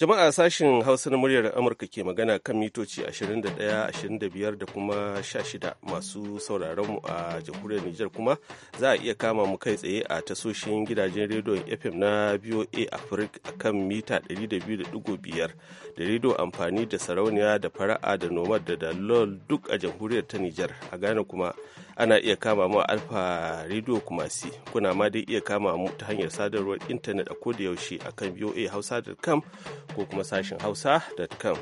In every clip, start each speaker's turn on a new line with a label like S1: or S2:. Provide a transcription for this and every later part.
S1: Jama'a sashen Hausa na muryar Amurka ke magana kan mitoci 21, 25 da kuma 16 masu sauraron mu a jamhuriyar Nijar kuma za a iya kama mu kai tsaye a tasoshin gidajen rediyon FM na BOA Africa akan mita 200.5 da rediyo amfani da sarauniya da fara'a da nomad da dalol duk a jamhuriyar ta Nijar a Ghana kuma ana iya kama mu a alfa radio kumasi kuna ma dai iya kama mu ta hanyar sadarwar intanet a koda yaushe akan voa hausa.com ko kuma sashen hausa.com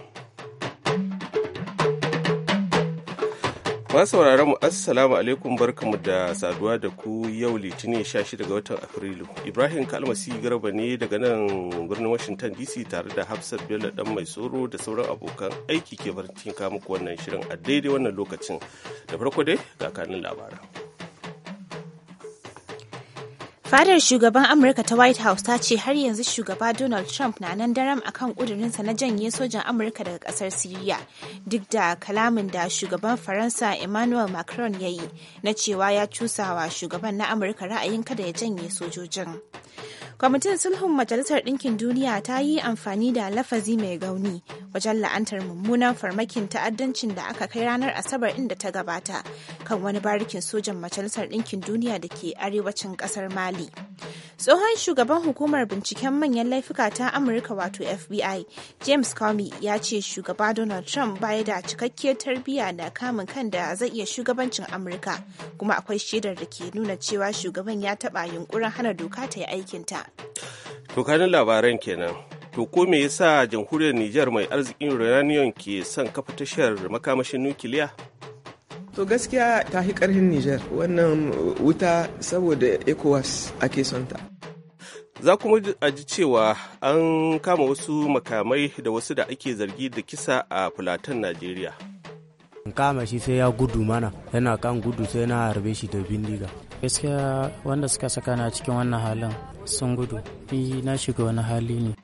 S1: Masu sauraron mu assalamu alaikum barkamu da saduwa da ku yau litinin 16 ga watan Afrilu. Ibrahim Kalmasi Garba ne daga nan birnin Washington DC tare da Hafsat Bello dan mai tsoro da sauran abokan aiki ke farin muku wannan shirin a daidai wannan lokacin. Da farko dai ga kanin labaran.
S2: Fadar shugaban Amurka ta White House ta ce har yanzu shugaba Donald Trump na nan daram akan sa na janye sojan Amurka daga ƙasar Siriya duk da kalamin da shugaban Faransa Emmanuel Macron ya yi na cewa ya cusawa shugaban na Amurka ra'ayin kada ya janye sojojin. kwamitin sulhun majalisar ɗinkin duniya ta yi amfani da lafazi mai gauni wajen la'antar mummunan farmakin ta'addancin da aka kai ranar asabar inda ta gabata kan wani barikin sojan majalisar ɗinkin duniya da ke arewacin ƙasar mali tsohon shugaban hukumar binciken manyan laifuka ta amurka wato fbi james comey ya ce shugaba donald trump baya da cikakkiyar tarbiyya na kamun kan da zai iya shugabancin amurka kuma akwai shaidar da ke nuna cewa shugaban ya taɓa yunkurin hana doka ta yi aiki aikinta.
S1: kanin labaran kenan. To ko me yasa jamhuriyar Nijar mai arzikin uranium ke son kafa tashar makamashin nukiliya?
S3: To gaskiya ta fi ƙarfin Nijar wannan uh, wuta saboda ECOWAS ake son ta.
S1: Za kuma a ji cewa an kama wasu makamai da wasu da ake zargi da kisa a Fulatan Najeriya.
S4: kama shi sai ya gudu mana yana kan gudu sai na harbe shi da bindiga gaskiya wanda suka saka na cikin wannan halin sun gudu ni na shiga wani hali ne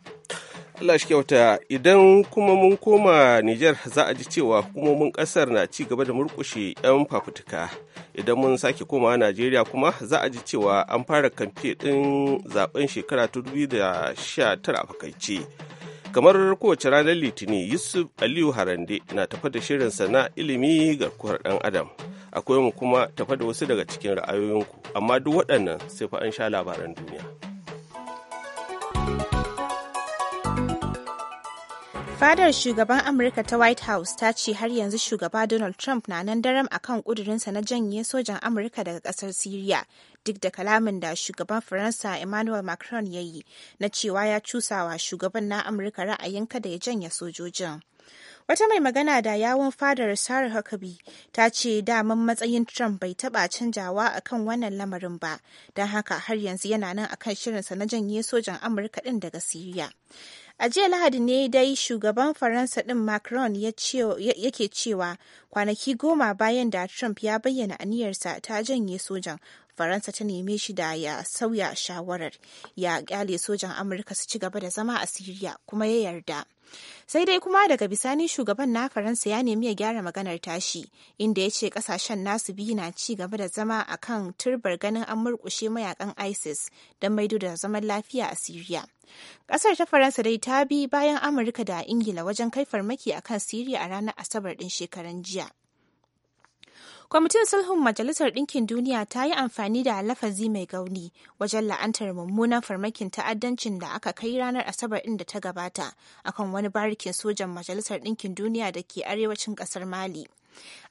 S1: Allah shi kyauta idan kuma mun koma Nijar za a ji cewa hukumomin kasar na ci gaba da murkushe 'yan fafutuka. Idan mun sake koma Najeriya kuma za a ji cewa an fara kamfe ɗin zaben shekara 2019 a fakaice. Kamar kowace ranar Litini, Yusuf Aliyu Harande na tafa da shirin sana ilimi garkuwar ɗan Adam. akwai mu kuma tafa da wasu daga cikin ra'ayoyinku amma duk waɗannan sai fa an sha labaran duniya
S2: fadar shugaban amurka ta white house ta ce har yanzu shugaba donald trump na nan daram akan kudurinsa na janye sojan amurka daga kasar syria duk da kalamin da shugaban faransa emmanuel macron ya yi na cewa ya cusawa shugaban na amurka ra'ayin kada ya janye sojojin Wata mai magana da yawon fadar Sarah Huckabee ta ce daman matsayin Trump bai taɓa canjawa akan wannan lamarin ba, don haka har yanzu yana nan akan shirinsa na janye sojan Amurka ɗin daga Syria. A jiya Lahadi ne dai shugaban Faransa ɗin Macron yake cewa kwanaki goma bayan da Trump ya bayyana aniyarsa ta janye sojan faransa ta neme shi da ya sauya shawarar ya kyale sojan amurka su ci gaba da zama a siriya kuma ya yarda sai dai kuma daga bisani shugaban na faransa ya nemi ya gyara maganar tashi inda ya ce kasashen nasu biyu na ci gaba da zama a kan turbar ganin an murkushe mayakan isis don maido da zaman lafiya a siriya kasar ta faransa dai ta bi bayan amurka da ingila wajen kai farmaki a kan siriya a ranar asabar din shekaran jiya Kwamitin Sulhun Majalisar Ɗinkin Duniya ta yi amfani da lafazi mai gauni wajen la'antar mummunan farmakin ta'addancin da aka kai ranar Asabar ɗin da ta gabata akan wani barikin sojan Majalisar Ɗinkin Duniya da ke arewacin ƙasar Mali.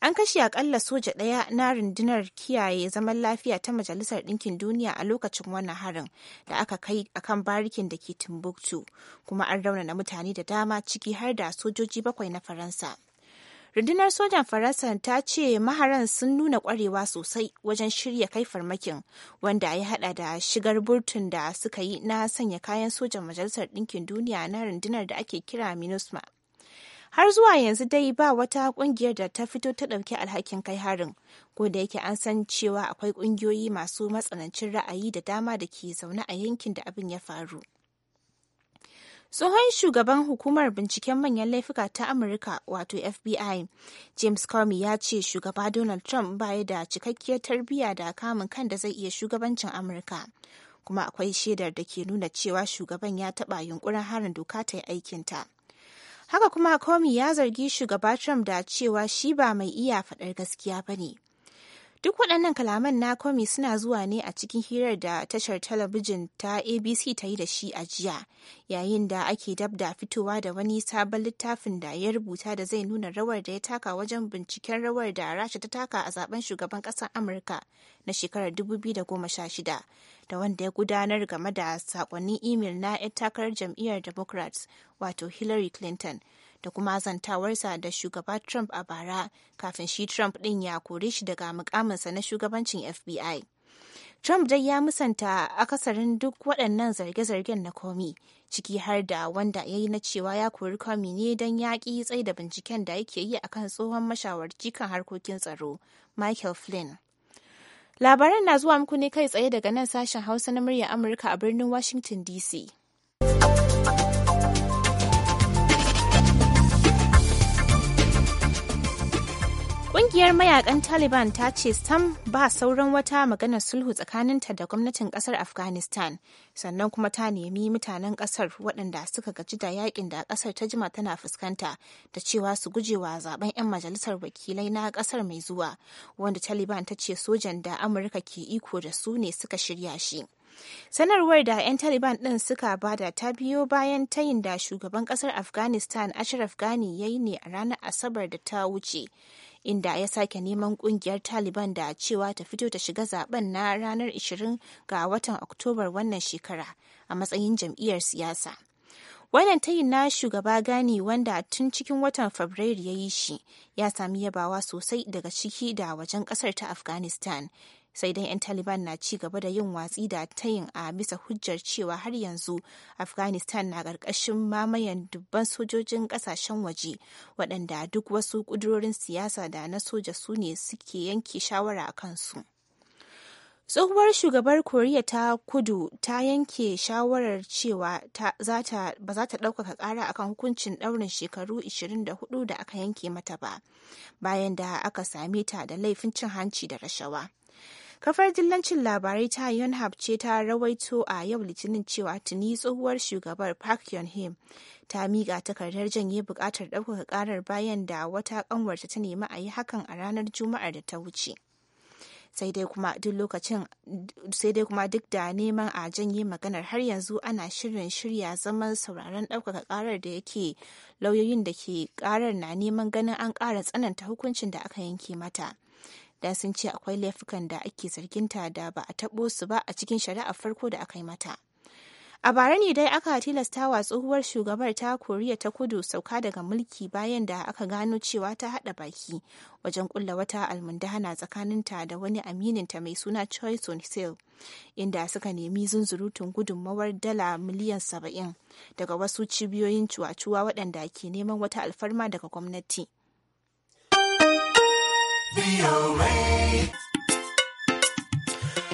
S2: An kashe akalla soja ɗaya na rundunar kiyaye zaman lafiya ta Majalisar Ɗinkin Duniya a lokacin wannan harin da aka kai akan barikin da ke Timbuktu, kuma an raunana mutane da dama ciki har da sojoji bakwai na Faransa. rundunar sojan faransa ta ce maharan sun nuna kwarewa sosai wajen shirya kai farmakin wanda ya hada da shigar burtun da suka yi na sanya kayan sojan majalisar ɗinkin duniya na rundunar da ake kira minusma har zuwa yanzu dai ba wata kungiyar da ta fito ta ɗauki alhakin kai harin ko da yake an san cewa akwai ƙungiyoyi masu matsanancin ra'ayi da dama da ke zaune a yankin da abin ya faru Tsohon shugaban hukumar binciken manyan laifuka ta Amurka wato FBI, James Comey ya ce shugaba Donald Trump baya da cikakkiyar tarbiyya da kamun kan da zai iya shugabancin Amurka. Kuma akwai shaidar da ke nuna cewa shugaban ya taɓa yunkurin harin doka ta yi aikinta. Haka kuma Comey ya zargi shugaba Trump da cewa shi ba mai iya faɗar gaskiya ba ne. Duk waɗannan kalaman na kwami suna zuwa ne a cikin hirar da tashar talabijin ta ABC ta yi da shi a jiya, yayin da ake dab da fitowa da wani sabon littafin da ya rubuta da zai nuna rawar da ya taka wajen binciken rawar da Rasha ta taka a zaben shugaban ƙasar Amurka na shekarar 2016, da wanda ya gudanar game da sakonnin imel na 'yan takarar jam'iyyar Democrats, wato Hillary Clinton. da kuma zantawarsa da shugaba Trump a bara kafin shi Trump ɗin ya kore shi daga mukaminsa na shugabancin FBI. Trump dai ya musanta akasarin duk waɗannan zarge-zargen na komi, ciki har da wanda ya yi na cewa ya kori komi ne don yaƙi tsaye da binciken da yake yi akan tsohon mashawarci kan harkokin tsaro, Michael Flynn. Labaran na zuwa muku ne kai tsaye daga nan sashen Hausa na murya Amurka a birnin Washington DC. Ƙungiyar mayakan Taliban ta ce sam ba sauran wata maganar sulhu tsakaninta da gwamnatin kasar Afghanistan, sannan kuma ta nemi mutanen kasar waɗanda suka gaji da yakin da kasar ta jima tana fuskanta da cewa su gujewa zaben 'yan majalisar wakilai na kasar mai zuwa, wanda Taliban ta ce sojan da Amurka ke iko da su ne suka shirya shi. sanarwar da 'yan taliban ɗin suka bada ta biyo bayan tayin da shugaban ƙasar afghanistan ashraf ghani ya yi ne a ranar asabar da ta wuce inda ya sake neman ƙungiyar taliban da cewa ta fito ta shiga zaben na ranar 20 ga watan oktobar wannan shekara a matsayin jam'iyyar siyasa wannan tayin na shugaba gani wanda tun cikin watan fabrairu ya yi shi ya sami yabawa sosai daga ciki da wajen kasar ta afghanistan sai dai 'yan taliban na ci gaba da yin watsi da tayin a bisa hujjar cewa har yanzu afghanistan na ƙarƙashin mamayan dubban sojojin ƙasashen waje waɗanda duk wasu ƙudurorin siyasa da na soja su ne suke yanke shawara a kansu. tsohuwar shugabar koriya ta kudu ta yanke shawarar cewa ba za ta ɗaukaka ƙara akan hukuncin ɗaurin shekaru 24 da aka yanke mata ba bayan da aka same ta da laifin cin hanci da rashawa Kafar dillancin labarai ta Yonhap ce ta rawaito a yau Litinin cewa tuni tsohuwar shugabar Park him ta miƙa takardar janye buƙatar ɗaukaka ƙarar bayan da wata ƙanwarta ta nemi a yi hakan a ranar Juma'ar da ta wuce. sai dai kuma duk sai dai kuma duk da neman a janye maganar har yanzu ana shirin shirya zaman sauraron ɗaukaka ƙarar da yake lauyoyin da ke ƙarar na neman ganin an ƙara tsananta hukuncin da aka yanke mata da sun ce akwai laifukan da ake zarginta da ba a taɓo su ba a cikin shari'ar farko da aka yi mata. A bara ne dai aka tilasta wa tsohuwar shugabar ta Koriya ta kudu sauka daga mulki bayan da aka gano cewa ta haɗa baki wajen kulla wata almundahana tsakaninta da wani amininta mai suna Choi Son Sil, inda suka nemi zunzurutun gudunmawar dala miliyan saba'in daga wasu cibiyoyin cuwa-cuwa waɗanda ke neman wata alfarma daga gwamnati.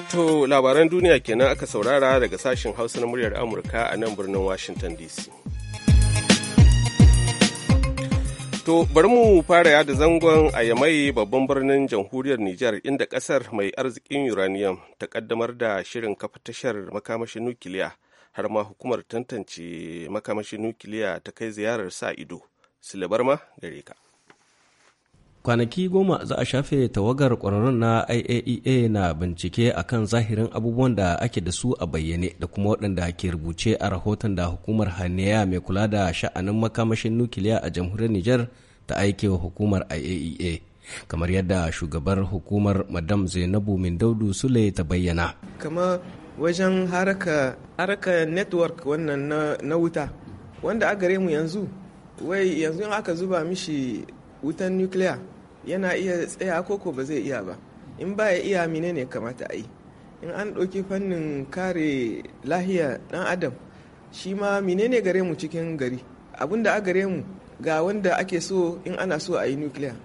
S5: To
S1: labaran duniya kenan aka saurara daga sashen Hausa na muryar Amurka a nan birnin Washington DC. To bari mu fara yada zangon a Yamai babban birnin jamhuriyar Nijar inda kasar mai arzikin uranium ta kaddamar da shirin kafa tashar makamashin nukiliya har ma hukumar tantance makamashin nukiliya ta kai ziyarar sa ido. Silabar ma gare ka.
S6: kwanaki goma za a shafe tawagar kwararrun na iaea e na bincike akan zahirin abubuwan da ake da su a bayyane da kuma waɗanda ke rubuce a rahoton da hukumar haniya mai kula da sha'anin makamashin nukiliya a jamhuriyar niger ta aike wa hukumar iaea e kamar yadda shugabar hukumar madam zainabu mindaudu sule ta bayyana
S3: kama wajen haraka network wannan na wuta wanda a gare mu yanzu wai yanzu aka zuba mishi wutan nuclear. yana iya tsaya koko ba zai iya ba in ba ya iya mine ne kamata a yi in an ɗauki fannin kare lahiya ɗan adam shi ma mine ne gare mu cikin gari abin da a gare mu ga wanda ake so in ana so a yi nukiliya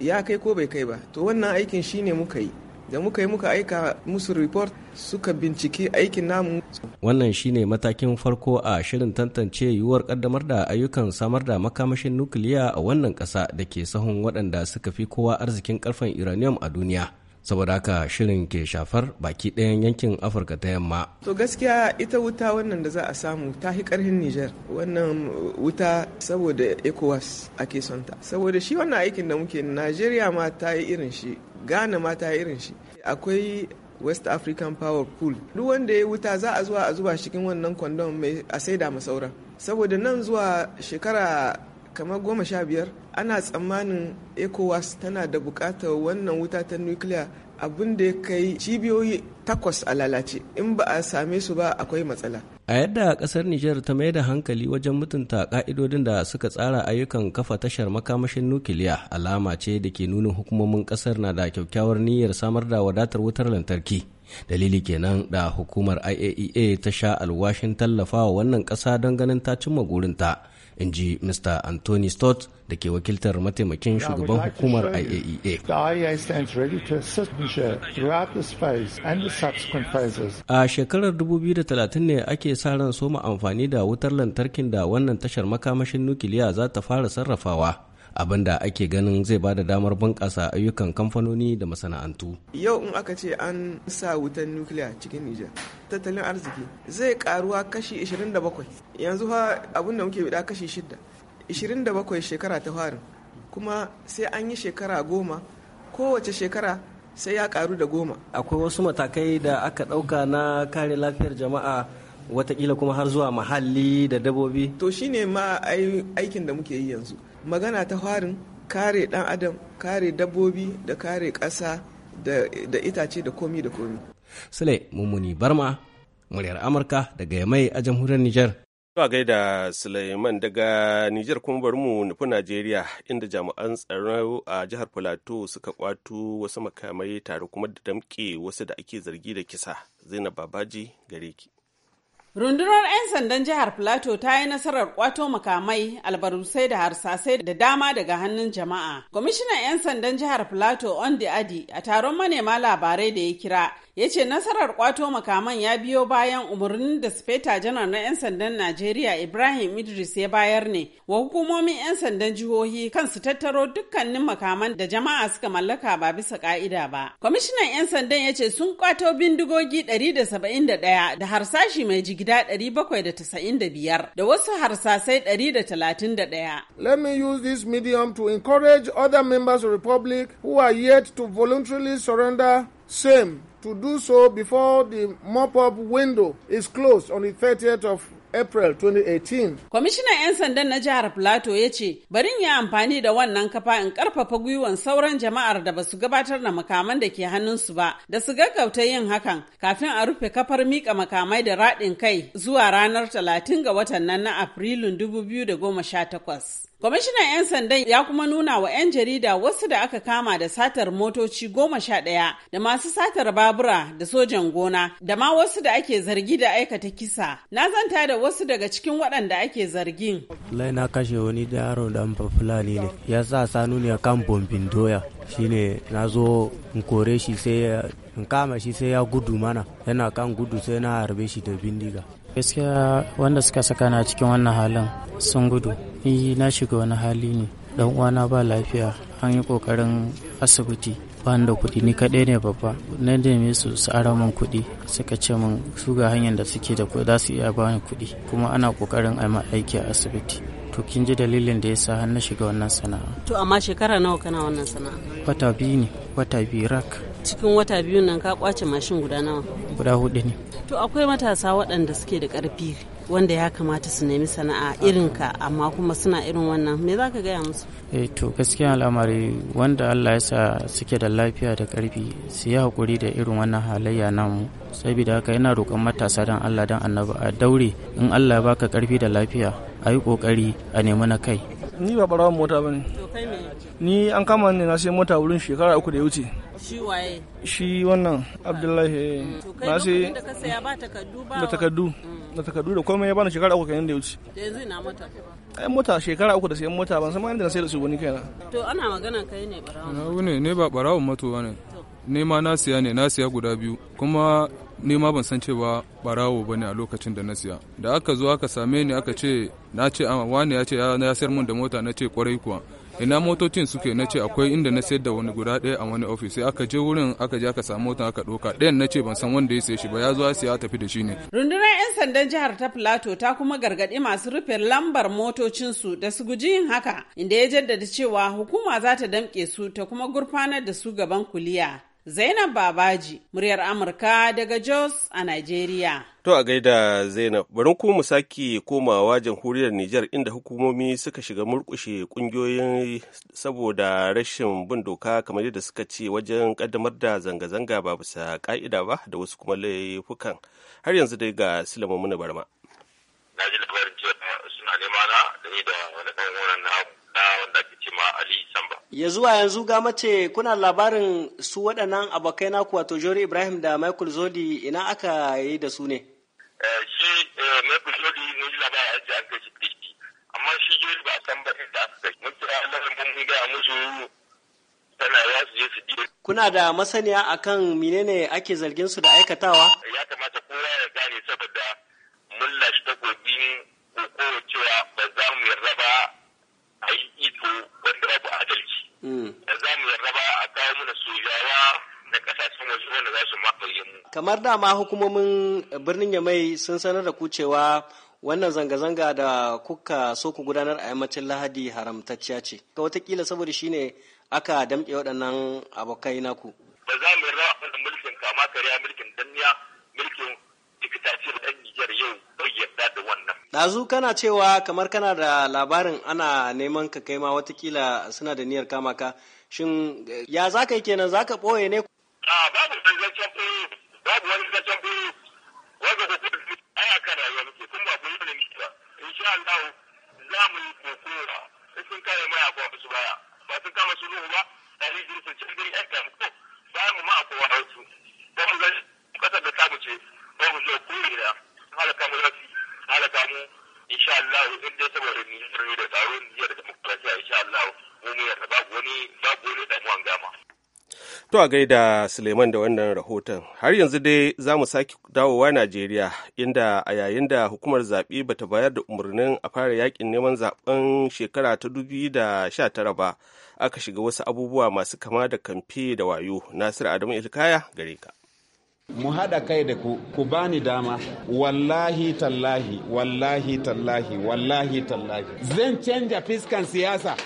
S3: ya kai ko bai kai ba to wannan aikin shi ne muka yi da muka yi muka aika musu report suka binciki aikin namu
S6: wannan shine matakin farko a shirin tantance yiwuwar kaddamar da ayyukan samar da makamashin nukiliya a wannan kasa da ke sahun waɗanda suka fi kowa arzikin karfen uranium a duniya saboda haka shirin ke shafar baki ɗayan yankin afirka ta yamma
S3: to gaskiya ita wuta wannan da za a samu ta fi ƙarfin nijar wannan wuta saboda ecowas ake sonta saboda shi wannan aikin da muke najeriya ma ta yi irin shi ghana ma ta irin shi akwai west african power pool duk wanda ya wuta za a zuwa a zuba cikin wannan kwandon mai a saida ma saboda nan zuwa shekara kamar goma sha biyar ana tsammanin ecowas tana da bukatar wannan wuta ta nukiliya abin da ya kai cibiyoyi takwas a lalace in ba a same su ba akwai matsala
S6: a yadda kasar niger ta mai da hankali wajen mutunta ka'idodin da suka tsara ayyukan kafa tashar makamashin nukiliya alama ce da ke nuna hukumomin kasar na da kyakkyawar niyyar samar da wadatar wutar lantarki dalili kenan da hukumar iaea e ta sha alwashin tallafa wa wannan kasa don ganin ta cimma gurinta in ji mr anthony stott da ke wakiltar mataimakin shugaban hukumar
S7: iaea e e
S6: a shekarar 2030 ne ake sa ran soma amfani da wutar lantarkin da wannan tashar makamashin nukiliya za ta fara sarrafawa abinda ake ganin zai ba da damar bunƙasa ayyukan kamfanoni da masana'antu.
S3: Yau in aka ce an sa wutan nukiliya cikin Nijar, tattalin arziki zai karuwa kashi 27. Yanzu fa abin da muke bida kashi 6. 27 shekara ta farin. Kuma sai an yi shekara goma, kowace shekara sai ya karu da goma.
S6: Akwai wasu matakai da aka ɗauka na kare lafiyar jama'a watakila kuma har zuwa mahalli da dabobi.
S3: To shine ma aikin da muke yi yanzu. magana ta farin kare dan adam kare dabbobi da kare ƙasa da itace da komi da komi sule
S6: mummuni barma muryar amurka daga yamai a jamhuriyar niger
S3: Zuwa gaida
S1: Suleiman daga Nijar kuma bari mu nufi Najeriya inda jami'an tsaro a jihar Filato suka kwato wasu makamai tare kuma da damƙe wasu da ake zargi da kisa. Zainab Babaji gare ki.
S5: Rundunar 'yan sandan jihar Plateau ta yi nasarar kwato makamai, albarusai da harsasai da dama daga hannun jama'a. Kwamishinan 'yan sandan jihar Plateau Ondi Adi a taron manema labarai da ya kira ya ce nasarar kwato makaman ya biyo bayan umarnin da sufeta janar na 'yan sandan najeriya ibrahim idris ya bayar ne wa hukumomin 'yan sandan jihohi kan su tattaro dukkanin makaman da jama'a suka mallaka ba bisa ka'ida ba kwamishinan 'yan sandan ya ce sun kwato bindigogi 171 da harsashi mai jigida 795 da wasu harsasai 131
S6: let me use this medium to encourage other members of the republic who are yet to voluntarily surrender same to do so before the mop-up window is closed on the 30th of April 2018.
S5: Kwamishinan 'yan sandan na jihar Plateau ya ce, barin ya amfani da wannan kafa in karfafa gwiwan sauran jama'ar da ba su gabatar da makaman da ke hannunsu ba, da su gaggauta yin hakan kafin a rufe kafar mika makamai da raɗin kai zuwa ranar 30 ga watan nan na Afrilun 2018. Kwamishinan 'yan sandan ya kuma nuna wa 'yan jarida wasu da aka kama da satar motoci goma sha ɗaya da masu satar babura da sojan gona da ma wasu da ake zargi da aikata kisa. Na zanta da wasu daga cikin waɗanda ake zargin.
S4: Lai na kashe wani da yaro da fulani ne. Ya sa sanu ne kan bombin doya. Shine na zo in kore shi sai in kama shi sai ya gudu mana. Yana kan gudu sai na harbe shi da bindiga. gaskiya wanda suka saka na cikin wannan halin sun gudu ni na shiga wani hali ne dan uwana ba lafiya an yi kokarin asibiti ba da kuɗi ni kaɗai ne babba na neme su su ara min kuɗi suka ce min su ga hanyar da suke da za su iya bani kuɗi kuma ana kokarin a aiki a asibiti to kin ji dalilin da ya sa har na shiga wannan sana'a
S5: to amma shekara nawa kana wannan sana'a
S4: wata biyu ne wata biyu rak
S5: cikin wata biyu nan ka kwace mashin guda nawa guda hudu ne to akwai matasa waɗanda suke da ƙarfi wanda ya kamata su nemi sana'a irin ka amma kuma suna irin wannan me za ka gaya musu
S4: eh to gaskiya al'amari wanda Allah ya sa suke da lafiya da ƙarfi su yi hakuri da irin wannan halayya namu saboda haka yana roƙon matasa don Allah dan annabi a daure in Allah ya baka ƙarfi da lafiya a yi ƙoƙari a nemi na kai
S1: ni ba barawan mota ba ne ni an kama ne na sai mota wurin shekara uku da ya wuce
S5: Shi waye?
S1: Shi wannan Abdullahi. Ba eh, sai da
S5: ka saya ba takardu ba. Da takardu.
S1: Mm. Da takardu da komai ya bani shekara uku kenan da wuce.
S5: yanzu ina mota.
S1: Ai mota shekara uku da sayan mota ban san ma inda na sayar da su wani kaina.
S5: To ana magana kai ne barawo. Na
S1: wune ne ba barawo mato ne. ma na siya ne na siya guda biyu kuma ne ma ban san cewa barawo ba ne a lokacin da na siya da aka zo aka same ni aka ce na ce wani ya ce ya sayar mun da mota na ce kwarai kuwa ina motocin suke na ce akwai inda na sayar da wani guda daya a wani ofis sai aka je wurin aka je aka samu motan aka ɗauka dayan na ce ban san wanda ya saye shi ba ya zo ya tafi da shi ne.
S5: rundunar 'yan sandan jihar ta plateau ta kuma gargaɗi masu rufe lambar motocin su da su guji yin haka inda ya jaddada cewa hukuma za ta damƙe su ta kuma gurfanar da su gaban kuliya. Zainab Babaji, muryar Amurka daga Jos a Najeriya.
S1: To a gaida Zainab, bari ku mu sake komawa jamhuriyar Nijar inda hukumomi suka shiga murkushe kungiyoyin saboda rashin bin doka kamar yadda suka ce wajen kaddamar da zanga-zanga ba bisa ka'ida ba da wasu kuma laifukan. Har yanzu dai ga Sulaiman Muna Barma. Na ji
S6: labarin cewa suna
S3: nema na da da wani ɗan wurin na wanda ake ce
S6: ma Ali Samba. ya zuwa yanzu ga mace kuna labarin su waɗannan abokai na to jori ibrahim da michael zodi ina aka yi da su ne eh, shi eh, michael zodi ne yi labarin a jihar kashi amma shi jori ba a san ba inda aka yi mun kira lamarin mun gaya musu
S1: tana ya su je su biyo
S6: kuna da masaniya akan menene ake zargin su da aikatawa
S1: ya kamata kowa ya gane
S6: kamar dama hukumomin eh, birnin Yamai sun sanar da ku cewa wannan zanga-zanga da kuka so ku gudanar a yammacin Lahadi haramtacciya ce. Ka watakila saboda shine aka damke waɗannan abokai naku. Ba za mu rawa wannan mulkin kama karya mulkin danniya mulkin da ɗan Nijar yau bai yarda da wannan. Ɗazu kana cewa kamar kana da labarin ana neman ka kai ma watakila suna da niyyar kama ka. Shin eh, ya za yi kenan za ɓoye ne
S1: To a gaida Suleiman da wannan rahoton. Har yanzu dai za mu sake dawowa Najeriya inda a yayin da hukumar zaɓe bata bayar da umarnin a fara yakin neman zaɓen shekara ta da tara ba aka shiga wasu abubuwa masu kama da kamfe da wayo. Nasiru Adamu Ilkaya gare ka.
S8: mu haɗa kai da ku ku bani dama wallahi tallahi wallahi tallahi wallahi tallahi zan canja fiskan siyasa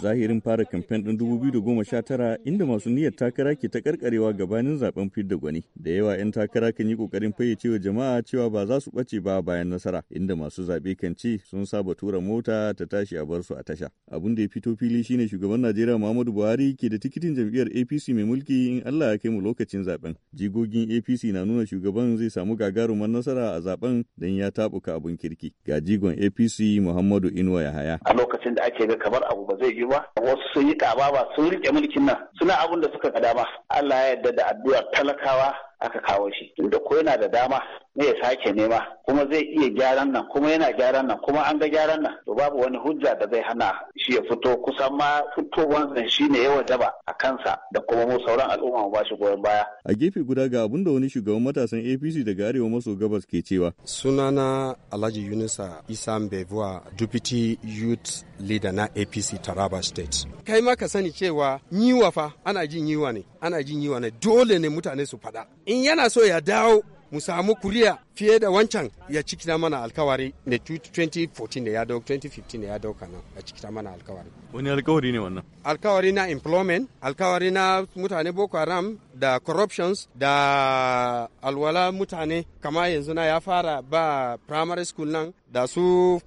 S7: zahirin fara kamfen ɗin 2019 inda masu niyyar takara ke ta karkarewa gabanin zaben fidda gwani da yawa 'yan takara kan yi kokarin fayyace wa jama'a cewa ba za su bace ba bayan nasara inda masu zaɓe kan ce sun saba tura mota ta tashi a bar su a tasha abin da ya fito fili shine shugaban najeriya muhammadu buhari ke da tikitin jam'iyyar apc mai mulki in allah ya kai mu lokacin zaben jigogin apc na nuna shugaban zai samu gagarumar nasara a zaben don ya tabuka abun kirki ga jigon apc muhammadu inuwa yahaya a
S1: lokacin da ake ga kamar abu ba zai yi yi ba wasu sun yi kaba ba sun rike mulkin nan suna abin da suka ga dama Allah ya yarda da addu'ar talakawa aka kawo shi tunda ko yana da dama ne ya sake nema kuma zai iya gyaran nan kuma yana gyaran nan kuma an ga gyaran nan to babu wani hujja da zai hana shi ya fito kusan ma wanzan shi ne yawa daba a kansa da kuma mu
S7: sauran al'umma mu bashi goyon baya a gefe guda ga abin da wani shugaban matasan APC daga arewa maso gabas ke cewa
S8: sunana Alhaji Yunusa Isa Mbevua Deputy Youth Leader na APC Taraba State kai ma ka sani cewa yiwa fa ana jin yiwa ne ana jin yiwa ne dole ne mutane su fada. in yana so ya dawo mu samu kuriya fiye da wancan ya cikita mana alkawari da 2014 da ya dauka 2015 da ya dauka nan ya cikita mana alkawari
S7: wani alkawari ne wannan
S8: alkawari na employment alkawari na mutane boko haram da corruptions da alwala mutane kama yanzu na ya fara ba primary school nan da su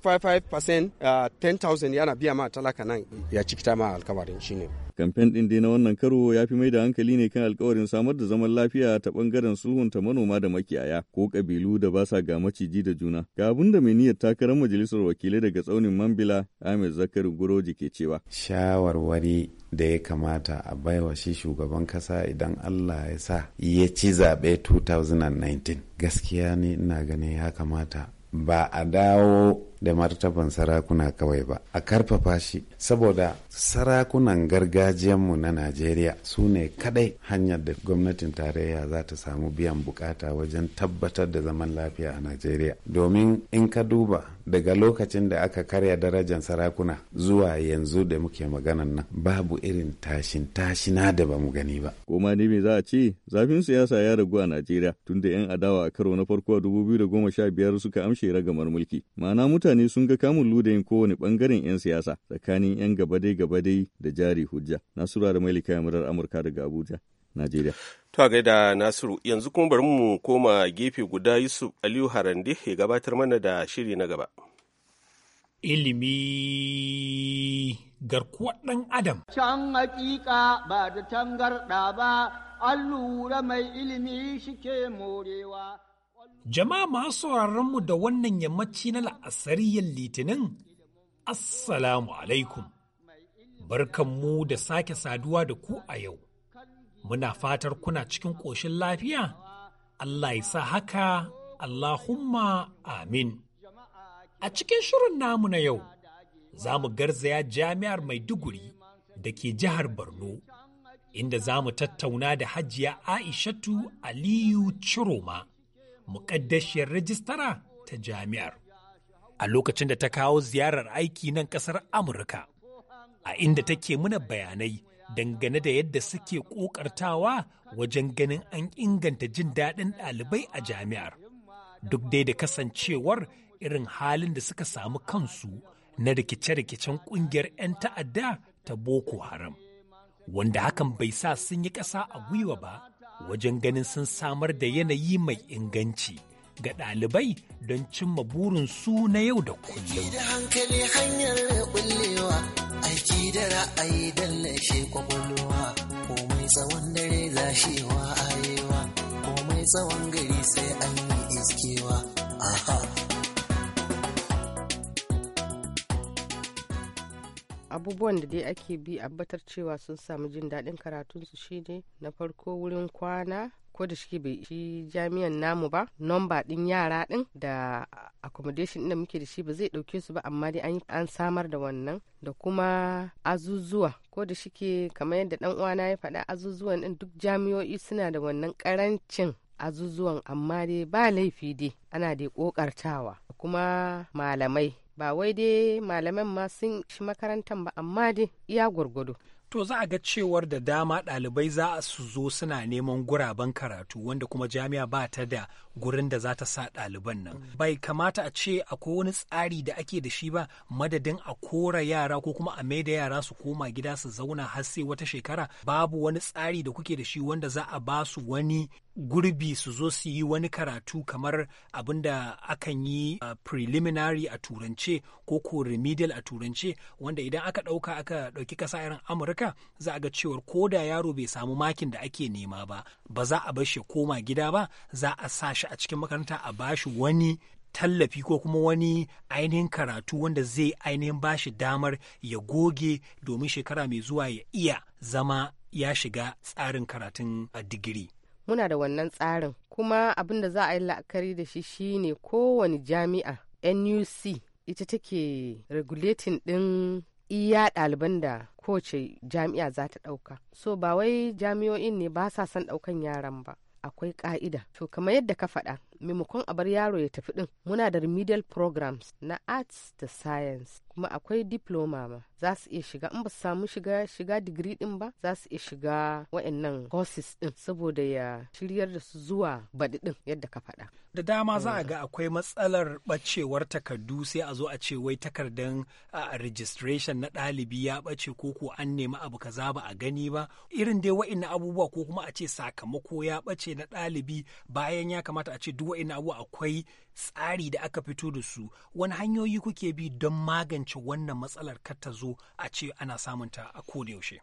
S8: 55% uh, 10,000 yana biya ma talaka nan
S7: ya cikita ma alkawarin shine Kamfen ɗin dai na wannan karo ya fi mai da hankali ne kan alkawarin samar da zaman lafiya ta ɓangaren sulhunta manoma da makiyaya ko kabilu da ba sa ga maciji da juna. Ga abin da mai niyyar takarar majalisar wakilai daga tsaunin Mambila Ahmed Zakari Guroji ke cewa.
S8: Shawarwari da ya kamata a baiwa shi shugaban kasa idan Allah ya sa ya ci zaɓe 2019. Gaskiya ne ina ganin ya kamata ba a dawo da martaban sarakuna kawai ba a karfafa shi saboda sarakunan gargajiyanmu na najeriya su ne kadai hanyar da gwamnatin tarayya za ta samu biyan bukata wajen tabbatar da zaman lafiya a najeriya domin in ka duba daga lokacin da aka karya darajar sarakuna zuwa yanzu da muke maganan nan babu irin tashin tashina da ba mu gani ba.
S7: Koma ne me za a ce zafin siyasa ya ragu a Najeriya tun da 'yan adawa a karo na farko a 2015 suka amshe ragamar mulki. Ma'ana mutane sun ga kamun ludayin kowane bangaren 'yan siyasa tsakanin 'yan gaba dai gaba dai da jari hujja. Nasura da Mailika Yamurar Amurka daga Abuja. najeriya
S1: to gaida nasiru yanzu kuma bari mu koma gefe guda yusuf aliyu harande ya gabatar mana da shiri na gaba
S9: ilimi garkuwar ɗan adam
S6: can hakika ba da tangarɗa ba allura mai ilimi shike morewa
S9: jama'a masu mu da wannan yammaci na la'asariyar litinin assalamu alaikum barkanmu da sake saduwa da ku a yau muna fatar kuna cikin ƙoshin lafiya? Allah ya sa haka, Allahumma amin. A cikin shirin namu na yau, za mu garzaya jami'ar Maiduguri da ke jihar Borno, inda za mu tattauna da hajiya Aishatu Aliyu Ciroma, muƙaddashiyar rajistara ta jami'ar. A lokacin da ta kawo ziyarar aiki nan ƙasar Amurka, a inda take muna bayanai dangane da yadda suke ƙoƙartawa wajen ganin an inganta jin daɗin ɗalibai a jami'ar duk dai da kasancewar irin halin da suka samu kansu na rikice-rikicen ƙungiyar 'yan ta'adda ta boko haram wanda hakan bai sa sun yi ƙasa a gwiwa ba wajen ganin sun samar da yanayi mai inganci ga ɗalibai don cimma burinsu na yau da kullum.
S5: a yi shi kwakwalwa komai tsawon dare zashewa arewa komai tsawon gari sai an yi iskewa
S6: aha
S10: abubuwan da dai ake bi abbatar cewa sun samu jin daɗin karatunsu shine na farko wurin kwana ko da shi bai shi jami'an namu ba nomba din yara din da accommodation da muke da shi ba zai dauke su ba amma dai an samar da wannan da kuma azuzuwa ko da shi ke kamar yadda dan uwana ya faɗa azuzuwa din duk jami'o'i suna da wannan karancin azuzuwan amma dai ba laifi dai ana dai kokartawa kuma malamai ba wai dai malaman ma sun shi makarantar ba amma dai
S9: iya gwargwado To za a ga cewar da dama ɗalibai za su zo suna neman guraben karatu wanda kuma jami'a ba ta da gurin da za ta sa ɗaliban nan. Mm. Bai kamata a ce akwai wani tsari da ake da shi ba madadin a kora yara ko kuma a mai da yara su koma gida su zauna har sai wata shekara babu wani tsari da kuke da shi wanda za a ba su wani gurbi su zo su yi wani karatu kamar abin da akan yi a uh, preliminary a turance ko ko remedial a turance wanda idan aka ɗauka aka ɗauki ƙasa irin amurka za a ga cewar ko da yaro bai samu makin da ake nema ba ba za a bar shi koma gida ba za a sa shi a cikin makaranta a bashi wani tallafi ko kuma wani ainihin karatu wanda zai ainihin bashi damar ya goge domin shekara mai zuwa ya iya zama ya shiga tsarin karatun uh, digiri.
S10: muna da wannan tsarin kuma abin da za a yi la'akari da shi shine kowane jami'a nuc ita take regulating din iya ɗaliban da kowace jami'a za ta ɗauka so ba wai jami'o'in ne ba sa son ɗaukan yaran ba akwai ka'ida to kamar yadda ka faɗa maimakon a bar yaro ya tafi din muna da remedial programs na arts da science kuma akwai diploma ma za su iya shiga in ba su samu shiga shiga digiri din ba za su iya shiga wayannan courses din saboda ya shiryar da su zuwa baɗi din yadda ka faɗa.
S9: da dama za a ga akwai matsalar ɓacewar takardu sai a zo a ce wai takardan registration na ɗalibi ya ɓace ko ko an nemi abu kaza ba a gani ba irin dai wayannan abubuwa ko kuma a ce sakamako ya ɓace na ɗalibi bayan ya kamata a ce duk wa'in abu akwai tsari da aka fito da su wani hanyoyi kuke bi don magance wannan matsalar kar ta zo a ce ana samunta a koda yaushe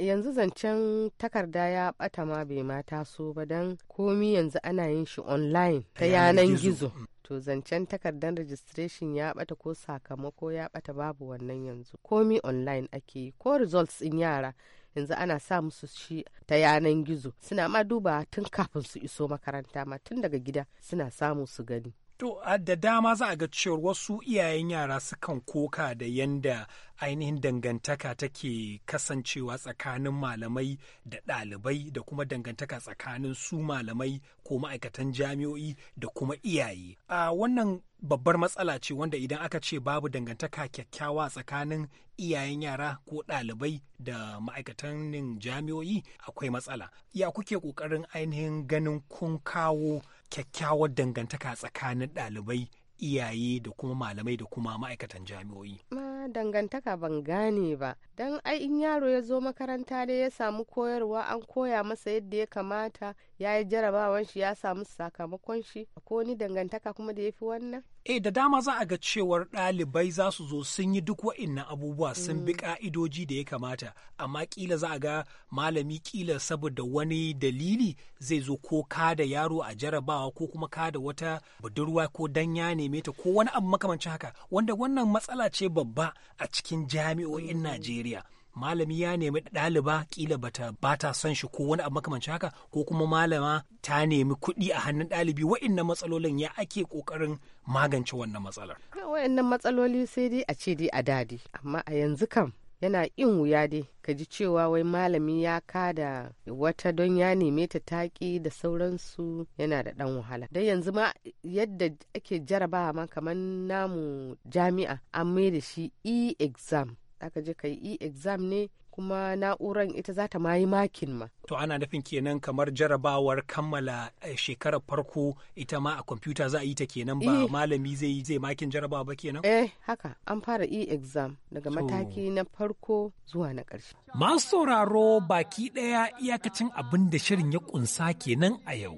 S10: yanzu zancen takarda ya bata ma bai ma taso ba don komi yanzu ana yin shi online ta yanan gizo mm. to zancen takardar registration ya bata ko sakamako ya bata babu wannan yanzu komi online ake ko results in yara yanzu ana sa musu shi ta yanan gizo suna ma duba tun kafin su iso makaranta ma tun daga gida suna samu su gani
S9: To, da dama za a ga cewar wasu iyayen yara sukan koka da yanda ainihin dangantaka take kasancewa tsakanin malamai da ɗalibai da kuma dangantaka tsakanin su malamai ko ma'aikatan jami'o'i da kuma iyaye. A wannan babbar matsala ce wanda idan aka ce babu dangantaka kyakkyawa tsakanin iyayen yara ko ɗalibai da ma'aikatan jami'o'i akwai matsala. Ya kuke ƙoƙarin ainihin ganin kun kawo kyakkyawar dangantaka tsakanin ɗalibai iyaye da kuma malamai da kuma ma'aikatan jami'o'i.
S10: Ma dangantaka ban gane ba don ai in yaro ya zo makaranta ne ya samu koyarwa an koya masa yadda ya kamata ya yi jarabawan shi ya samu sakamakon shi ko ni dangantaka kuma da ya fi wannan
S9: eh da dama za a ga cewar ɗalibai za su zo sun yi duk wa'innan abubuwa sun bi ka'idoji mm. da ya kamata amma kila za a ga malami kila saboda wani dalili zai zo ko ka da yaro a jarabawa ko kuma ka da wata budurwa ko dan ya neme ta ko wani abu makamancin haka wanda wannan matsala ce babba a cikin jami'o'in mm. Najeriya Najeriya malami ya nemi ɗaliba ƙila bata bata son shi ko wani abu makamancin haka ko kuma malama ta nemi kuɗi a hannun ɗalibi wa'innan matsalolin ya ake ƙoƙarin magance wannan matsalar.
S10: Wa'innan matsaloli sai dai a ce dai a dadi amma a yanzu kam yana in wuya dai ka ji cewa wai malami ya kada wata don ya neme ta taƙi da sauransu yana da ɗan wahala don yanzu ma yadda ake jarabawa ma kamar namu jami'a an mai da shi e-exam zaka je ka yi exam ne kuma na'uran ita za ta mayi makin ma.
S9: To ana nufin kenan kamar jarabawar kammala eh, shekarar farko ita ma a kwamfuta za a yi ta kenan ba eh. malami zai yi zai makin jarabawa ba kenan? Eh
S10: haka an fara e-exam daga mataki na farko zuwa na karshe.
S9: Masu sauraro baki ɗaya iyakacin abin da shirin ya ƙunsa kenan a yau.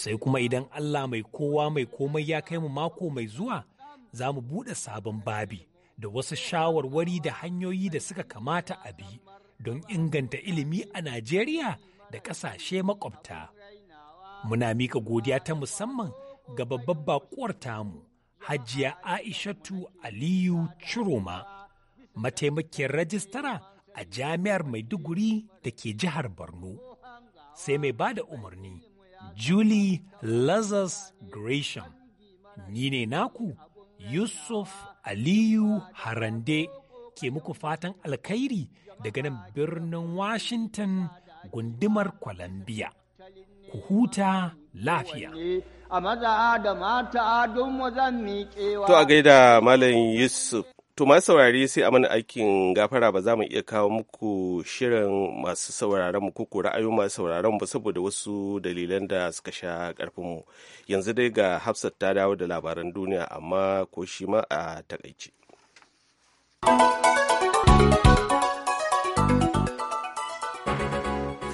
S9: Sai kuma idan Allah mai kowa mai komai ya kai mu mako mai zuwa za mu buɗe sabon babi. da wasu shawarwari da hanyoyi da suka kamata a bi don inganta ilimi a Najeriya da ƙasashe makwabta. Muna mika godiya ta musamman ga babbar baƙuwar tamu, Hajiya Aishatu Aliyu Chiroma, Mataimakin rajistara a Jami'ar Maiduguri da ke jihar Borno. Sai mai ba da umarni, Julie Lazarus Gresham. Ni ne naku Yusuf Aliyu Harande ke muku fatan alkhairi daga nan birnin Washington gundumar Columbia. Ku huta lafiya.
S4: A maza da mata don To a
S1: gaida Malam Yusuf To masu saurari sai a mana aikin gafara ba za mu iya kawo muku shirin masu sauraron mu ko ra'ayoyin masu sauraron ba saboda wasu dalilan da suka sha karfin mu. Yanzu dai ga Hafsat ta dawo da labaran duniya amma ko shi ma a takaice.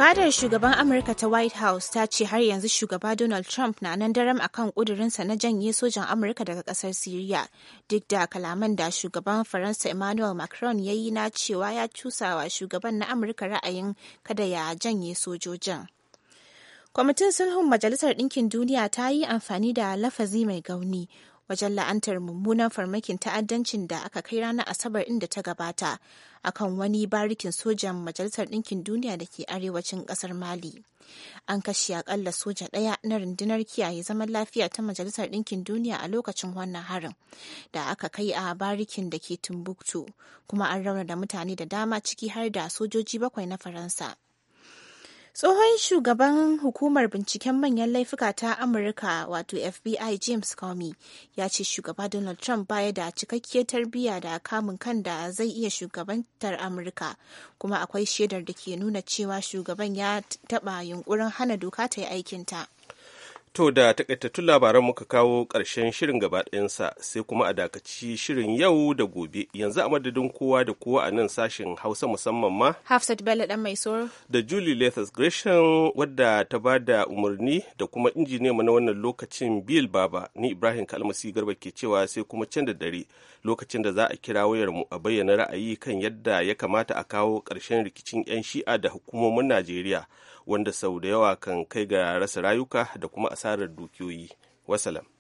S2: Fadar shugaban Amurka ta White House ta ce har yanzu shugaba Donald Trump na nan daram akan kudurinsa na janye sojan Amurka daga kasar Siriya, duk da kalaman da shugaban Faransa Emmanuel Macron ya yi na cewa ya cusawa shugaban na Amurka ra'ayin kada ya janye sojojin. Kwamitin Sulhun Majalisar Ɗinkin Duniya ta yi amfani da lafazi mai gauni wajen la'antar mummunan farmakin ta'addancin da aka kai ranar Asabar inda ta gabata akan wani barikin sojan Majalisar Ɗinkin Duniya da ke arewacin ƙasar Mali. An kashe akalla soja ɗaya na rundunar kiyaye zaman lafiya ta Majalisar Ɗinkin Duniya a lokacin wannan harin da aka kai a barikin da ke Timbuktu, kuma an da mutane da dama ciki har da sojoji bakwai na Faransa. Tsohon shugaban hukumar binciken manyan laifuka ta Amurka wato FBI James Comey ya ce shugaba Donald Trump baya da cikakkiyar tarbiyya da kamun kan da zai iya shugabantar Amurka kuma akwai shaidar da ke nuna cewa shugaban ya taɓa yunkurin hana doka ta yi aikinta.
S1: To da takaitattun labaran muka kawo ƙarshen shirin gaba ɗayansa sai kuma a dakaci shirin yau da gobe yanzu a madadin kowa da kowa a nan sashen Hausa musamman ma.
S2: Hafsat Bello ɗan mai soro.
S1: Da Julie Lathas Gresham wadda ta ba da umarni da kuma injiniya na wannan lokacin Bill Baba ni Ibrahim Kalmasi Garba ke cewa sai kuma can da dare lokacin da za a kira wayar mu a bayyana ra'ayi kan yadda ya kamata a kawo ƙarshen rikicin 'yan shi'a da hukumomin Najeriya. wanda sau da yawa kan kai ga rasa rayuka da kuma asarar dukiyoyi wasalam